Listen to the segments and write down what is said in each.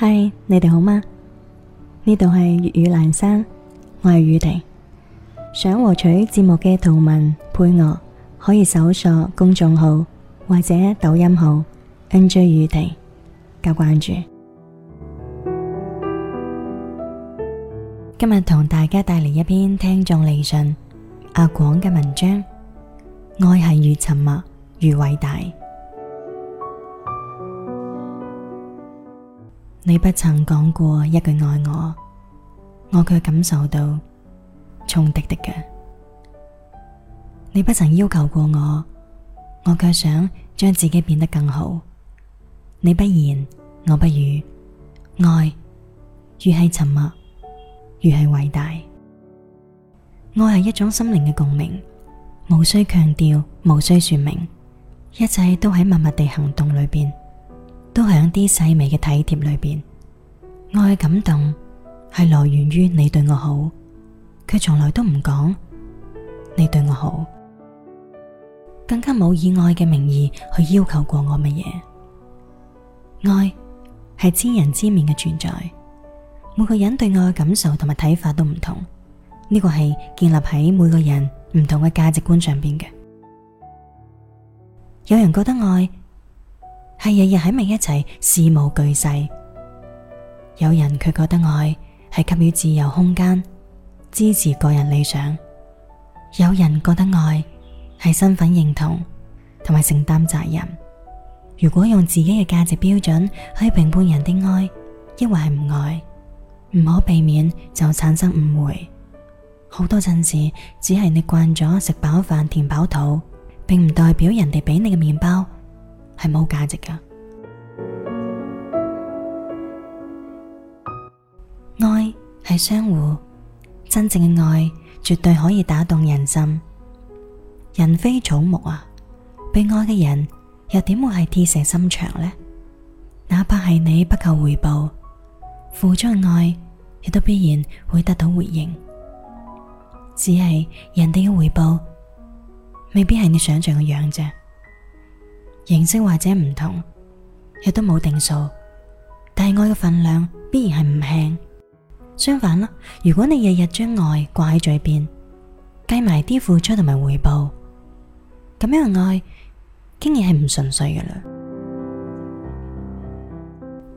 嗨，Hi, 你哋好嗎？呢度係粵語闌珊，我係宇婷。想獲取節目嘅圖文配樂，可以搜索公眾號或者抖音號 N J 宇婷加關注。今日同大家帶嚟一篇聽眾嚟信阿廣嘅文章，愛係越沉默越偉大。你不曾講過一句愛我，我卻感受到沉甸甸嘅。你不曾要求過我，我卻想將自己變得更好。你不言，我不語，愛越係沉默，越係偉大。愛係一種心靈嘅共鳴，無需強調，無需說明，一切都喺默默地行動裏邊。都喺啲細微嘅體貼裏邊，愛嘅感動係來源於你對我好，佢從來都唔講你對我好，更加冇以愛嘅名義去要求過我乜嘢。愛係千人千面嘅存在，每個人對愛嘅感受同埋睇法都唔同，呢個係建立喺每個人唔同嘅價值觀上邊嘅。有人覺得愛。係日日喺埋一齊，事無巨細。有人卻覺得愛係給予自由空間，支持個人理想；有人覺得愛係身份認同，同埋承擔責任。如果用自己嘅價值標準去評判人的愛，抑或係唔愛，唔可避免就產生誤會。好多陣時，只係你慣咗食飽飯填飽肚，並唔代表人哋俾你嘅麵包。係冇價值噶，愛係相互，真正嘅愛絕對可以打動人心。人非草木啊，被愛嘅人又點會係鐵石心腸呢？哪怕係你不求回報付出嘅愛，亦都必然會得到回應。只係人哋嘅回報未必係你想象嘅樣啫。形式或者唔同，亦都冇定數。但係愛嘅份量必然係唔輕。相反啦，如果你日日將愛掛喺嘴邊，計埋啲付出同埋回報，咁樣嘅愛竟然係唔純粹嘅啦。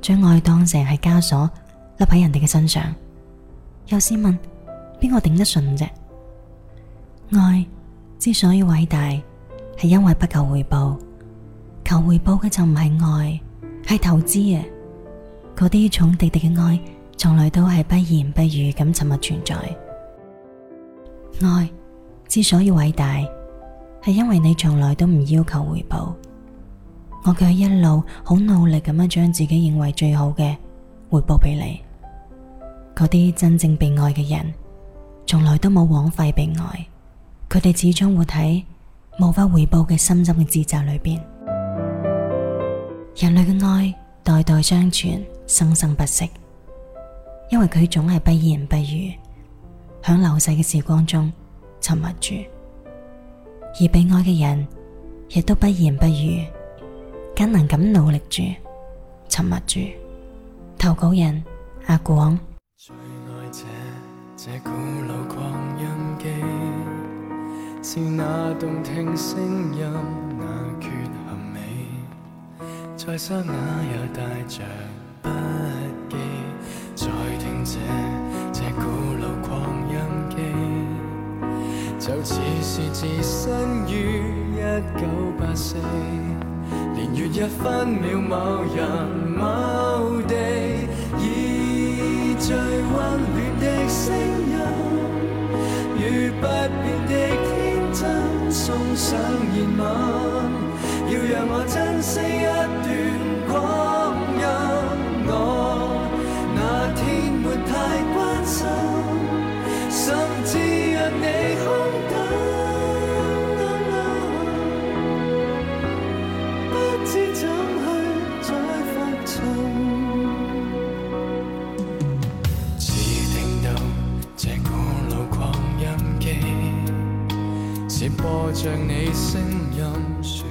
將愛當成係枷鎖，勒喺人哋嘅身上，又試問邊個頂得順啫？愛之所以偉大，係因為不求回報。求回報嘅就唔係愛，係投資嘅。嗰啲重甸甸嘅愛，從來都係不言不語咁沉默存在。愛之所以偉大，係因為你從來都唔要求回報。我卻一路好努力咁樣將自己認為最好嘅回報俾你。嗰啲真正被愛嘅人，從來都冇枉費被愛。佢哋始終活喺無法回報嘅深深嘅自責裏邊。人類嘅愛代代相傳，生生不息，因為佢總係不言不語，響流逝嘅時光中沉默住；而被愛嘅人亦都不言不語，艱難咁努力住，沉默住。投稿人阿廣。再沙啞也帶着不羈，在聽這這古老狂音機，就似是置身於一九八四，年月一分秒某人某地，以最溫暖的聲音，與不變的天真送上熱吻。要讓我珍惜一段光陰，我那天沒太關心，甚至讓你空等，不知怎去再復尋。只聽到這古老狂音機，是播着你聲音。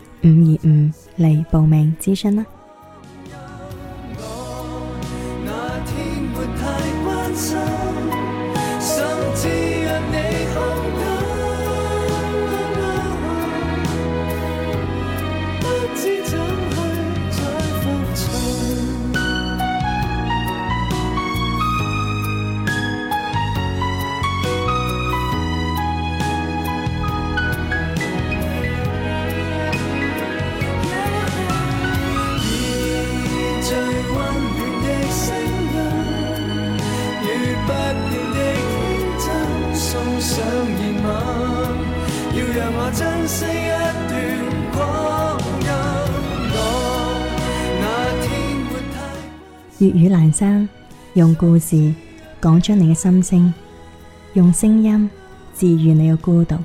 五二五嚟報名諮詢啦！要讓我珍惜一段光陰，粵語闌珊，用故事講出你嘅心聲，用聲音治愈你嘅孤獨。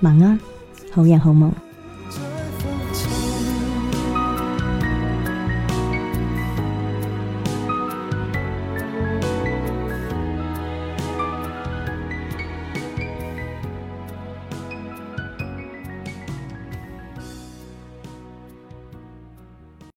晚安，好人好夢。